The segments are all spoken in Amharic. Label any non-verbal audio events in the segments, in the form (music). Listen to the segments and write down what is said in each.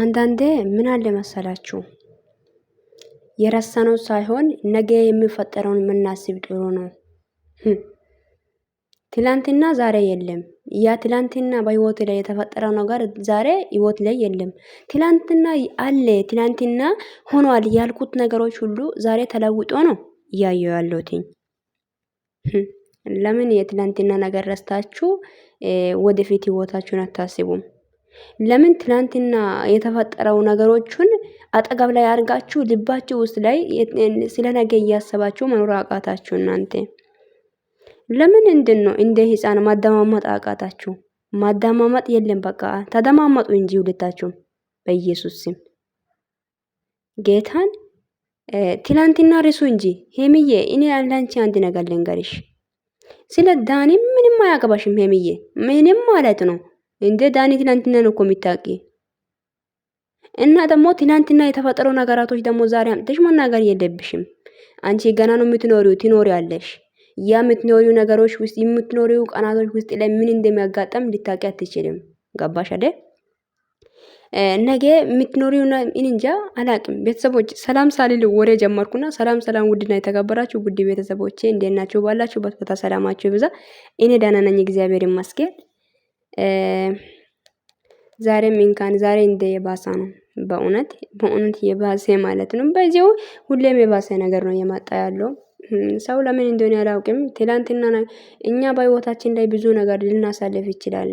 አንዳንዴ ምን አለ መሰላችሁ የረሳነው ሳይሆን ነገ የሚፈጠረውን የምናስብ ጥሩ ነው። ትላንትና ዛሬ የለም። ያ ትላንትና በህይወት ላይ የተፈጠረው ነገር ዛሬ ህይወት ላይ የለም። ትላንትና አለ፣ ትላንትና ሆኗል ያልኩት ነገሮች ሁሉ ዛሬ ተለውጦ ነው እያየው ያለሁትኝ። ለምን የትላንትና ነገር ረስታችሁ ወደፊት ህይወታችሁን አታስቡም? ለምን ትናንትና የተፈጠረው ነገሮቹን አጠገብ ላይ አድርጋችሁ ልባችሁ ውስጥ ላይ ስለ ነገ እያሰባችሁ መኖር አቃታችሁ? እናንተ ለምን እንድን ነው እንደ ህፃን ማደማመጥ አቃታችሁ? ማደማመጥ የለም በቃ ተደማመጡ እንጂ ሁለታችሁም በኢየሱስ ስም ጌታን ትላንትና ርሱ እንጂ ሄምዬ፣ እኔ ያለንቺ አንድ ነገር ልንገርሽ፣ ስለ ዳኒ ምንም አያገባሽም ሄምዬ፣ ምንም ማለት ነው እንደ ዳኒ ትናንትና ነው እኮ የሚታቂ እና ደግሞ ትናንትና የተፈጠረው ነገራቶች ደግሞ ዛሬ አምጥተሽ መናገር የለብሽም። አንቺ ገና ነው የምትኖሪው ትኖሪያለሽ። ያ የምትኖሪው ነገሮች ውስጥ የምትኖሪው ቀናቶች ውስጥ ላይ ምን እንደሚያጋጠም ልታቂ አትችልም። ገባሽ አይደል? ነገ የምትኖሪው እንጃ አላቅም። ቤተሰቦች ሰላም ሳልል ወሬ ጀመርኩና፣ ሰላም ሰላም፣ ውድና የተከበራችሁ ውድ ቤተሰቦቼ እንዴት ናችሁ? ባላችሁበት ቦታ ሰላማችሁ ይብዛ። እኔ ደህና ነኝ፣ እግዚአብሔር ይመስገን። ዛሬም እንኳን ዛሬ እንደ የባሳ ነው። በእውነት በእውነት የባሰ ማለት ነው። በዚሁ ሁሌም የባሰ ነገር ነው እየመጣ ያለው። ሰው ለምን እንደሆነ አላውቅም። ትላንትና እኛ በህይወታችን ላይ ብዙ ነገር ልናሳልፍ ይችላል።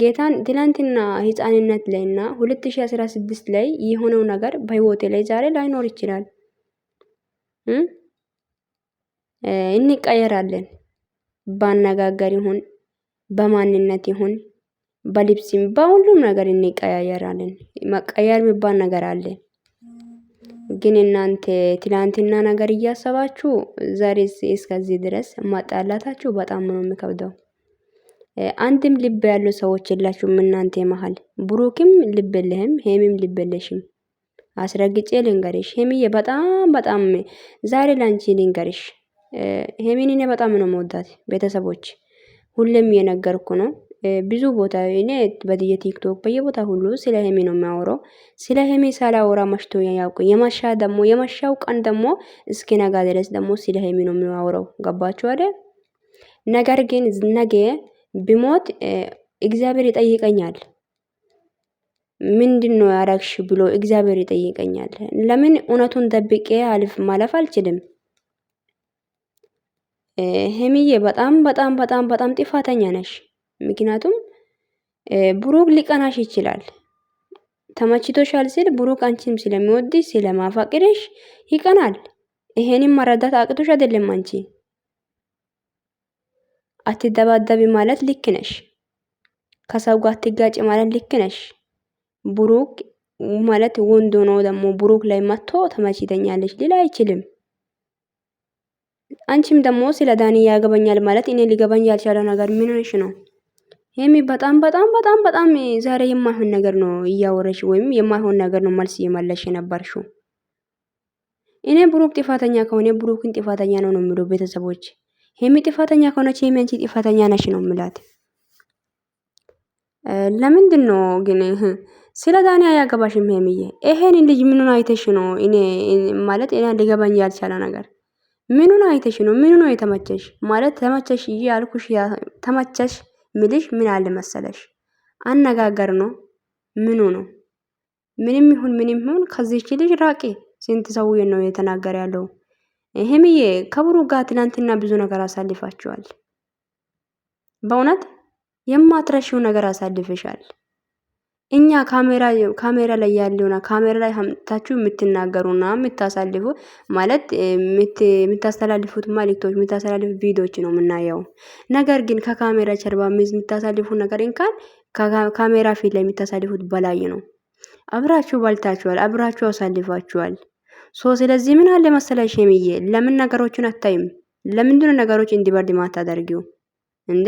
ጌታን ትላንትና ህፃንነት ላይ እና 2016 ላይ የሆነው ነገር በህይወቴ ላይ ዛሬ ላይኖር ይችላል። እንቀየራለን። ባነጋገር ይሁን በማንነት ይሁን በልብስም በሁሉም ነገር እንቀያየራለን። መቀየር የሚባል ነገር አለ። ግን እናንተ ትላንትና ነገር እያሰባችሁ ዛሬ እስከዚህ ድረስ ማጣላታችሁ በጣም ነው የሚከብደው። አንድም ልብ ያሉ ሰዎች የላችሁም እናንተ መሀል። ብሩክም ልብ የለህም፣ ሄሚም ልብ የለሽም። አስረግጬ ልንገርሽ ሄሚዬ፣ በጣም በጣም ዛሬ ላንቺ ልንገርሽ ሄሚን እኔ በጣም ነው መወዳት ቤተሰቦች ሁሌም የነገርኩ ነው። ብዙ ቦታ እኔ በየቲክቶክ በየቦታ ሁሉ ስለ ሄሚ ነው የሚያውረው ስለ ሄሚ ሳላወራ መሽቶ ያውቁ የመሻ ደግሞ የመሻው ቀን ደግሞ እስኪ ነጋ ድረስ ደግሞ ስለ ሄሚ ነው የሚያውረው ገባችሁ አይደል? ነገር ግን ነገ ብሞት እግዚአብሔር ይጠይቀኛል። ምንድን ነው ያረግሽ ብሎ እግዚአብሔር ይጠይቀኛል። ለምን እውነቱን ደብቄ አልፍ ማለፍ አልችልም ሄሚዬ በጣም በጣም በጣም በጣም ጥፋተኛ ነሽ። ምክንያቱም ብሩክ ሊቀናሽ ይችላል። ተመችቶሻል ሲል ብሩክ አንቺም ስለሚወድሽ ስለማፋቅርሽ ይቀናል። ይሄንም መረዳት አቅቶሽ አይደለም አንቺ። አትደባደቢ ማለት ልክ ነሽ። ከሰው ጋር አትጋጭ ማለት ልክ ነሽ። ብሩክ ማለት ወንዶ ነው። ደግሞ ብሩክ ላይ መጥቶ ተመችተኛለች ሊል አይችልም። አንቺም ደግሞ ስለ ዳኒ ያገባኛል ማለት እኔ ሊገባኝ ያልቻለው ነገር ምን ነው? ይህም በጣም በጣም በጣም በጣም ዛሬ የማይሆን ነገር ነው እያወረሽ ወይም የማይሆን ነገር ነው መልስ እየመለሽ የነበርሽው። እኔ ብሩክ ጥፋተኛ ከሆነ ብሩክን ጥፋተኛ ነው ነው የሚሉ ቤተሰቦች። ሄሚ ጥፋተኛ ከሆነች ሄሚ አንቺ ጥፋተኛ ነሽ ነው የሚላት። ለምንድን ነው ግን ስለ ዳኒ አያገባሽም ሄሚዬ? ይሄን ልጅ ምኑን አይተሽ ነው? እኔ ማለት እኔ ሊገባኝ ያልቻለ ነገር ምኑን አይተሽ ነው? ምኑ ነው የተመቸሽ? ማለት ተመቸሽ እያልኩሽ ተመቸሽ ምልሽ ምን አለ መሰለሽ አነጋገር ነው። ምኑ ነው? ምንም ይሁን ምንም ይሁን ከዚች ልጅ ራቂ። ስንት ሰውዬ ነው የተናገረ ያለው? ይሄምዬ ከብሩ ጋር ትናንትና ብዙ ነገር አሳልፋችኋል። በእውነት የማትረሽው ነገር አሳልፈሻል። እኛ ካሜራ ካሜራ ላይ ያለውና ካሜራ ላይ አምጥታችሁ የምትናገሩና የምታሳልፉ ማለት የምታስተላልፉት መልእክቶች የምታስተላልፉት ቪዲዮዎች ነው የምናየው። ነገር ግን ከካሜራ ጀርባ የምታሳልፉ ነገር እንኳን ካሜራ ፊት ላይ የምታሳልፉት በላይ ነው። አብራችሁ በልታችኋል፣ አብራችሁ አሳልፋችኋል። ሶ ስለዚህ ምን አለ መሰለሽ ሸምዬ፣ ለምን ነገሮችን አታይም? ለምንድነው ነገሮች እንዲበርድ ማታደርጊው እንዴ?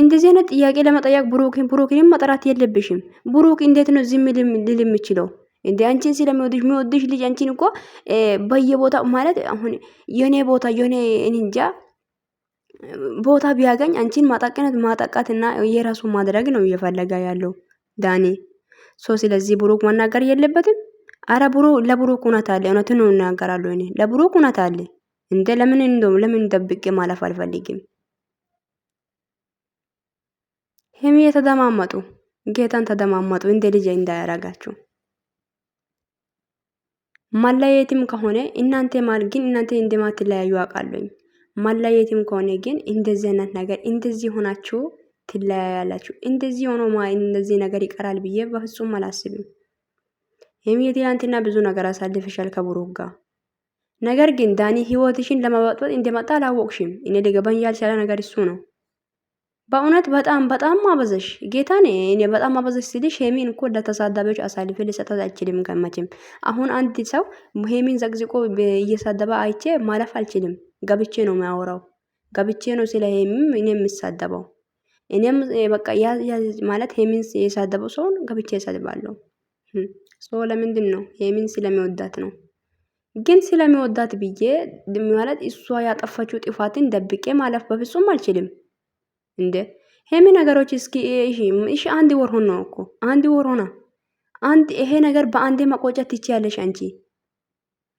እንደዚህ አይነት ጥያቄ ለመጠየቅ ብሩክን ብሩክን መጠራት የለብሽም። ብሩክ እንዴት ነው ዝም ልል የምችለው? እንደ አንቺን ስለሚወድሽ የሚወድሽ ልጅ አንቺን እኮ በየቦታ ማለት አሁን የኔ ቦታ የኔ እንጃ ቦታ ቢያገኝ አንቺን ማጣቀነት ማጣቃትና የራሱ ማድረግ ነው እየፈለጋ ያለው ዳኒ ሶ ስለዚህ ብሩክ መናገር የለበትም። አረ ብሩ ለብሩክ እውነት አለ፣ እውነትን ነው እናገራለሁ እኔ ለብሩክ እውነት አለ። እንደ ለምን እንደው ለምን ደብቄ ማለፍ አልፈልግም። ህም የተደማመጡ ጌታን ተደማመጡ፣ እንደ ልጅ እንዳያረጋችሁ። ማለየትም ከሆነ እናንተ ማለት ግን እናንተ እንደማትለያዩ አውቃለሁኝ። ማለየትም ከሆነ ግን እንደዚህ አይነት ነገር እንደዚህ ሆናችሁ ትለያያላችሁ። እንደዚህ ሆኖ እንደዚህ ነገር ይቀራል ብዬ በፍጹም አላስብም። ይህም የትላንትና ብዙ ነገር አሳልፈሻል ከብሩክ ጋር። ነገር ግን ዳኒ ህይወትሽን ለማበጥበጥ እንደመጣ አላወቅሽም። እኔ ሊገባኝ ያልቻለ ነገር እሱ ነው። በእውነት በጣም በጣም ማበዘሽ ጌታን። እኔ በጣም ማበዘሽ ሲልሽ ሄሚን እኮ ለተሳዳቢዎች አሳልፍ ልሰጠት አይችልም። ገመችም አሁን አንድ ሰው ሄሚን ዘቅዝቆ እየሳደበ አይቼ ማለፍ አልችልም። ገብቼ ነው የሚያወራው፣ ገብቼ ነው ስለ ሄሚም እኔ የምሳደበው። እኔም በቃ ማለት ሄሚን የሳደበው ሰውን ገብቼ እሰድባለሁ። ሰው ለምንድን ነው ሄሚን ስለሚወዳት ነው። ግን ስለሚወዳት ብዬ ማለት እሷ ያጠፋችው ጥፋትን ደብቄ ማለፍ በፍጹም አልችልም። እንደ ሄሚ ነገሮች እስኪ እሺ፣ አንድ ወር ሆኖ ነው እኮ አንድ ወር ሆና አንድ ይሄ ነገር በአንዴ ማቆጨት ትችያለሽ አንቺ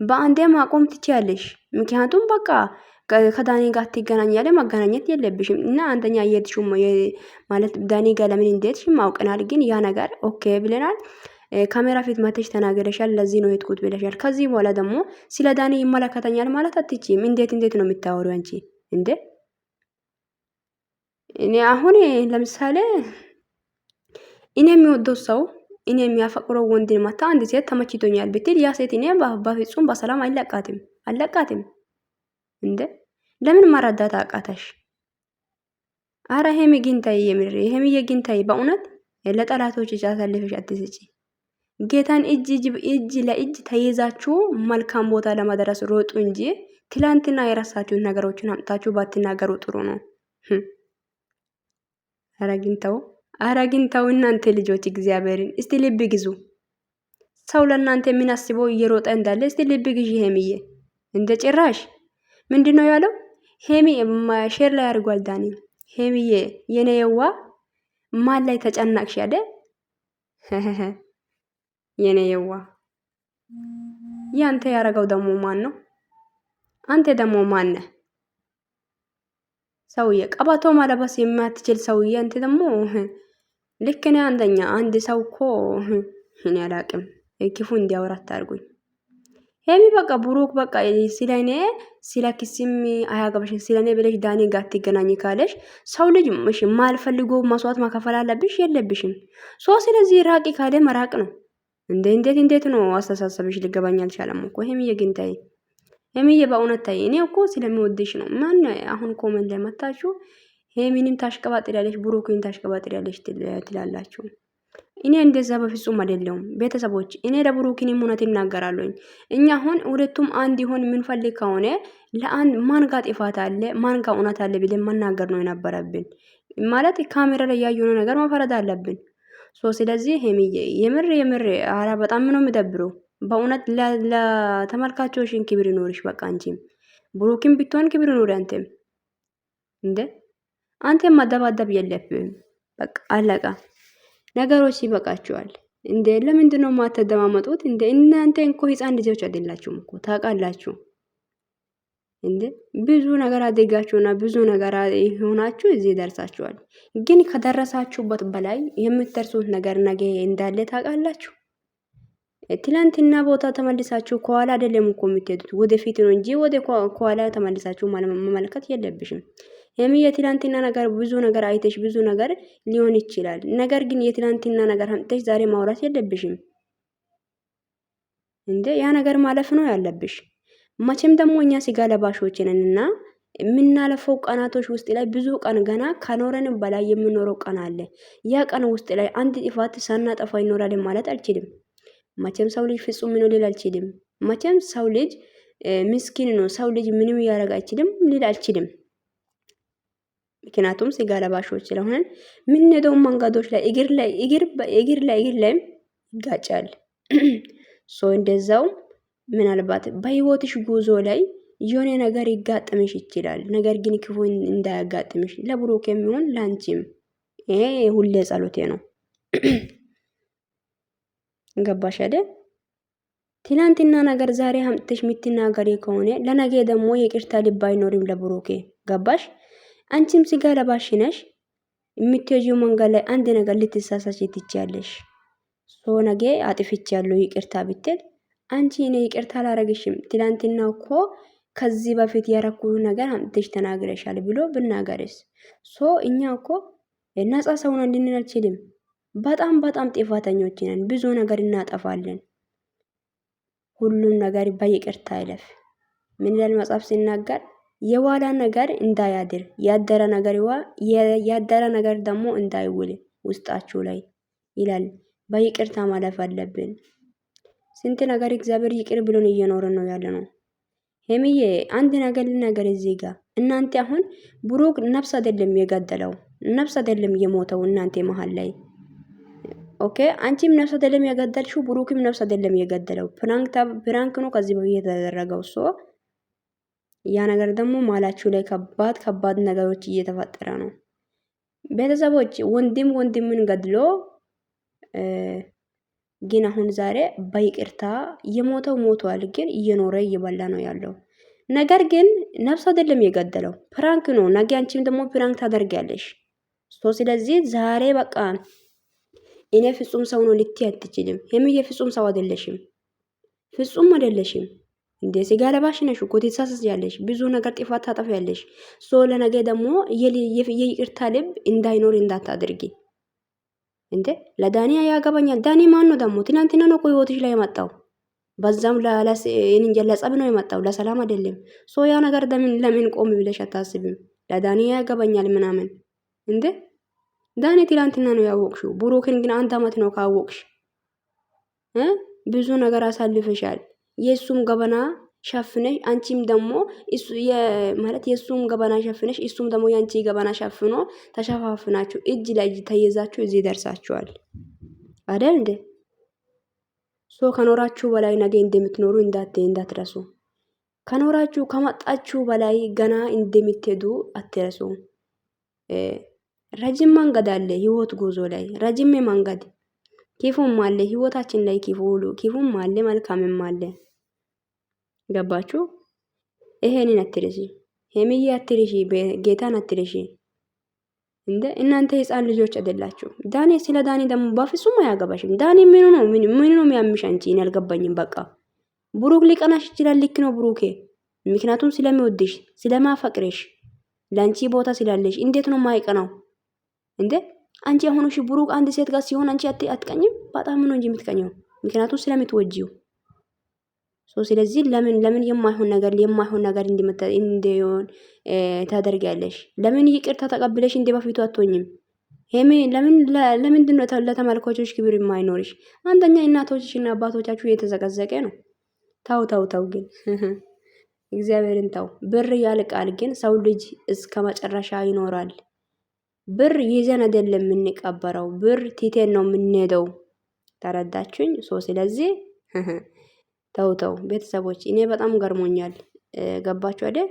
በአንዴ ማቆም ትችያለሽ። ምክንያቱም በቃ ከዳኒ ጋር ትገናኛለ መገናኘት የለብሽም እና አንደኛ የሄድሽ ማለት ዳኒ ጋር ለምን እንደሄድሽ ማውቀናል፣ ግን ያ ነገር ኦኬ ብለናል። ካሜራ ፊት መተሽ ተናገረሻል። ለዚህ ነው የትኩት ብለሻል። ከዚህ በኋላ ደግሞ ስለ ዳኒ ይመለከተኛል ማለት አትችይም። እንዴት እንዴት ነው የምታወሩ አንቺ እንዴ? እኔ አሁን ለምሳሌ እኔ የሚወደው ሰው እኔ የሚያፈቅረው ወንድን ማታ አንድ ሴት ተመችቶኛል ብትል ያ ሴት እኔ በፍጹም በሰላም አይለቃትም አለቃትም። እንደ ለምን ማረዳት አቃተሽ? አረ ሄሚ ግንታይ የምር ሄሚ የግንታይ በእውነት ለጠላቶች አሳልፈሽ አትስጪ። ጌታን እጅ እጅ ለእጅ ተይዛችሁ መልካም ቦታ ለመድረስ ሮጡ እንጂ ትላንትና የረሳችሁን ነገሮችን አምጣችሁ ባትናገሩ ጥሩ ነው። አረግንተው አረግንተው እናንተ ልጆች እግዚአብሔርን እስቲ ልብ ግዙ። ሰው ለእናንተ የምናስበው እየሮጠ እንዳለ እስቲ ልብ ግዢ። ሄምዬ እንደ ጭራሽ ምንድን ነው ያለው? ሄሚ ሼር ላይ አድርጓል ዳኒ። ሄምዬ የኔ የዋ ማን ላይ ተጨናቅሽ? ያደ (laughs) የኔ የዋ ያንተ ያረገው ደግሞ ማን ነው? አንተ ደግሞ ማን ነህ? ሰውዬ ቀበቶ ማለባስ የማትችል ሰውዬ አንተ ደግሞ (laughs) ልክ አንደኛ አንድ ሰው እኮ (laughs) እኔ አላቅም ክፉ እንዲያወራ አታርጉኝ። ሄሚ በቃ ብሩክ በቃ ስለ እኔ ስለ ክስም አያገባሽም ስለ እኔ ብለሽ ዳኒ ጋር ትገናኝ ካለሽ ሰው ልጅ እሺ ማልፈልጎ መስዋዕት ማከፈል አለብሽ የለብሽም ሶ ስለዚህ ራቂ ካለ መራቅ ነው። እንዴ እንዴት እንዴት ነው አስተሳሰብሽ? ሊገባኝ አልቻለም እኮ ሄሚ የግንታይ ሄሚዬ በእውነት ታይ፣ እኔ እኮ ስለሚወድሽ ነው። ማን አሁን ኮመንት ላይ መታችሁ ሄሚንም ታሽቀባጥሪያለሽ፣ ብሩክን ታሽቀባጥሪያለሽ ትላላችሁ። እኔ እንደዛ በፍጹም አይደለሁም። ቤተሰቦች እኔ ለብሩክንም እውነት እናገራለሁኝ። እኛ አሁን ሁለቱም አንድ ይሆን የምንፈልግ ከሆነ ለአንድ ማን ጋ ጥፋት አለ፣ ማን ጋ እውነት አለ ብለን መናገር ነው የነበረብን። ማለት ካሜራ ላይ ያየሆነ ነገር መፈረድ አለብን። ሶ ስለዚህ ሄሚዬ የምር የምር አራ በጣም ነው የሚደብረው። በእውነት ለተመልካቾችን ክብር ይኖርሽ። በቃ አንቺም ብሩክም ብትሆን ክብር ይኖር። አንተ እንደ አንተ ማደባደብ የለብህም። በቃ አለቃ ነገሮች ይበቃችኋል። እንደ ለምንድን ነው ማተደማመጡት? እንደ እናንተ እንኮ ህፃን ልጆች አይደላችሁም እኮ ታውቃላችሁ። እንደ ብዙ ነገር አደጋችሁና ብዙ ነገር ሆናችሁ እዚህ ደርሳችኋል። ግን ከደረሳችሁበት በላይ የምትደርሱት ነገር ነገ እንዳለ ታውቃላችሁ። ትላንትና ቦታ ተመልሳችሁ ከኋላ አይደለም እኮ የምትሄዱት፣ ወደፊት ነው እንጂ ወደ ከኋላ ተመልሳችሁ መመልከት የለብሽም። የሚ የትላንትና ነገር ብዙ ነገር አይተሽ ብዙ ነገር ሊሆን ይችላል። ነገር ግን የትላንትና ነገር አምጥተሽ ዛሬ ማውራት የለብሽም እንዴ። ያ ነገር ማለፍ ነው ያለብሽ። መቼም ደግሞ እኛ ስጋ ለባሾች ነን እና የምናለፈው ቀናቶች ውስጥ ላይ ብዙ ቀን ገና ከኖረን በላይ የምኖረው ቀን አለ። ያ ቀን ውስጥ ላይ አንድ ጥፋት ሳናጠፋ ይኖራልን ማለት አልችልም። መቼም ሰው ልጅ ፍጹም ነው ሊል አልችልም። መቼም ሰው ልጅ ምስኪን ነው፣ ሰው ልጅ ምንም ያደረግ አይችልም ሊል አልችልም። ምክንያቱም ስጋ ለባሾች ስለሆነን የምንሄደው መንገዶች ላይ እግር ላይ እግር በእግር ላይ እግር ላይም ይጋጫል። (clears throat) ሶ እንደዛው ምናልባት በህይወትሽ ጉዞ ላይ የሆነ ነገር ይጋጥምሽ ይችላል። ነገር ግን ክፉ እንዳያጋጥምሽ ለብሩክ የሚሆን ላንቺም ይሄ ሁሌ ጸሎቴ ነው። (clears throat) ገባሽ አይደል? ትላንትና ነገር ዛሬ አምጥተሽ የምትናገሪ ከሆነ ለነገ ደግሞ የቅርታ ልብ አይኖርም ለብሩኬ። ገባሽ? አንቺም ስጋ ለባሽ ነሽ። የምትሄጂው መንገድ ላይ አንድ ነገር ልትሳሳች ትችያለሽ። ሶ ነገ ያለው ይቅርታ ብትል አንቺ እኔ ይቅርታ አላረግሽም፣ ትላንትና እኮ ከዚህ በፊት ያረኩ ነገር አምጥተሽ ተናግረሻል ብሎ ብናገርስ? ሶ እኛ እኮ ነጻ ሰውን እንድንል አልችልም። በጣም በጣም ጥፋተኞች ነን። ብዙ ነገር እናጠፋለን። ሁሉም ነገር በይቅርታ ይለፍ። ምን ይላል መጽሐፍ ሲናገር የዋላ ነገር እንዳያድር ያደረ ነገር ዋ ያደረ ነገር ደግሞ እንዳይውል ውስጣችሁ ላይ ይላል። በይቅርታ ማለፍ አለብን። ስንት ነገር እግዚአብሔር ይቅር ብሎን እየኖርን ነው ያለ ነው። ሄሚዬ አንድ ነገር ልነገር እዚህ ጋር እናንተ አሁን ብሩክ ነፍስ አይደለም የገደለው ነፍስ አይደለም የሞተው እናንተ መሀል ላይ ኦኬ አንቺም ነፍስ አይደለም የገደልሽው፣ ብሩክም ነፍስ አይደለም የገደለው። ፕራንክ ነው ከዚህ በፊት የተደረገው። ሶ ያ ነገር ደግሞ ማላችሁ ላይ ከባድ ከባድ ነገሮች እየተፈጠረ ነው። ቤተሰቦች ወንድም ወንድምን ገድሎ ግን አሁን ዛሬ በይቅርታ የሞተው ሞቷል፣ ግን እየኖረ እየበላ ነው ያለው። ነገር ግን ነፍስ አይደለም የገደለው፣ ፕራንክ ነው። ነገ አንቺም ደግሞ ፕራንክ ታደርጊያለሽ። ሶ ስለዚህ ዛሬ በቃ እኔ ፍጹም ሰው ነው ልትይ አትችልም። ሄምዬ ፍጹም ሰው አይደለሽም፣ ፍጹም አይደለሽም። እንደ ስጋ ለባሽ ነሽ እኮ ትሳሳቻለሽ፣ ብዙ ነገር ጥፋት ታጠፊያለሽ። ሶ ለነገ ደግሞ የይቅርታ ልብ እንዳይኖር እንዳታድርጊ። እንዴ ለዳኒ ያገባኛል። ዳኒ ማን ነው ደግሞ? ትናንትና ነው እኮ ህይወትሽ ላይ የመጣው በዛም ለጸብ ነው የመጣው ለሰላም አይደለም። ሶ ያ ነገር ለምን ቆም ብለሽ አታስብም? ለዳኒ ያገባኛል ምናምን እንዴ ዳኔ ትላንትና ነው ያወቅሽው። ብሩክን ግን አንድ አመት ነው ካወቅሽ። ብዙ ነገር አሳልፈሻል። የእሱም ገበና ሸፍነሽ አንቺም ደግሞ ማለት የእሱም ገበና ሸፍነሽ እሱም ደግሞ የአንቺ ገበና ሸፍኖ ተሸፋፍናችሁ እጅ ለእጅ ተየዛችሁ እዚህ ደርሳችኋል አደል እንዴ? ሶ ከኖራችሁ በላይ ነገ እንደምትኖሩ እንዳት እንዳትረሱ። ከኖራችሁ ከመጣችሁ በላይ ገና እንደምትሄዱ አትረሱ። ረጅም መንገድ አለ ህይወት ጉዞ ላይ ረጅም መንገድ ኪፉም አለ ህይወታችን ላይ ኪፉ ሁሉ ኪፉም አለ መልካምም አለ። ገባችሁ? ይሄንን አትርሺ፣ ሄምዬ አትርሺ፣ ጌታን አትርሺ። እንደ እናንተ ህፃን ልጆች አይደላችሁ። ዳኔ ስለ ዳኔ ደግሞ በፍጹም አያገባሽም። ዳኔ ምን ነው ምን ነው የሚያምሽ አንቺ? እኔ አልገባኝም። በቃ ብሩክ ሊቀናሽ ይችላል። ልክ ነው ብሩኬ፣ ምክንያቱም ስለሚወድሽ ስለማፈቅረሽ ለአንቺ ቦታ ስላለሽ እንዴት ነው ማይቀናው? እንዴ አንቺ አሁን እሺ ብሩክ አንድ ሴት ጋር ሲሆን አንቺ አትቀኝም? በጣም ነው እንጂ የምትቀኘው፣ ምክንያቱም ስለምትወጂው። ሶ ስለዚህ ለምን ለምን የማይሆን ነገር የማይሆን ነገር እንዲመጣ እንዲሆን ታደርጊያለሽ? ለምን ይቅርታ ተቀብለሽ እንደ በፊቱ አትሆኝም? ሄሚ ለምን ለምንድን ነው ለተመልካቾች ክብር የማይኖርሽ? አንደኛ እና አባቶቻችሁ እየተዘቀዘቀ ነው። ታው ታው ታው ግን (laughs) እግዚአብሔርን ታው ብር ያልቃል፣ ግን ሰው ልጅ እስከ መጨረሻ ይኖራል። ብር ይዘን አይደለም የምንቀበረው፣ ብር ቲቴን ነው የምንሄደው። ተረዳችሁኝ? ሶ ስለዚህ ተውተው (laughs) ቤተሰቦች እኔ በጣም ገርሞኛል። ገባችሁ አይደል?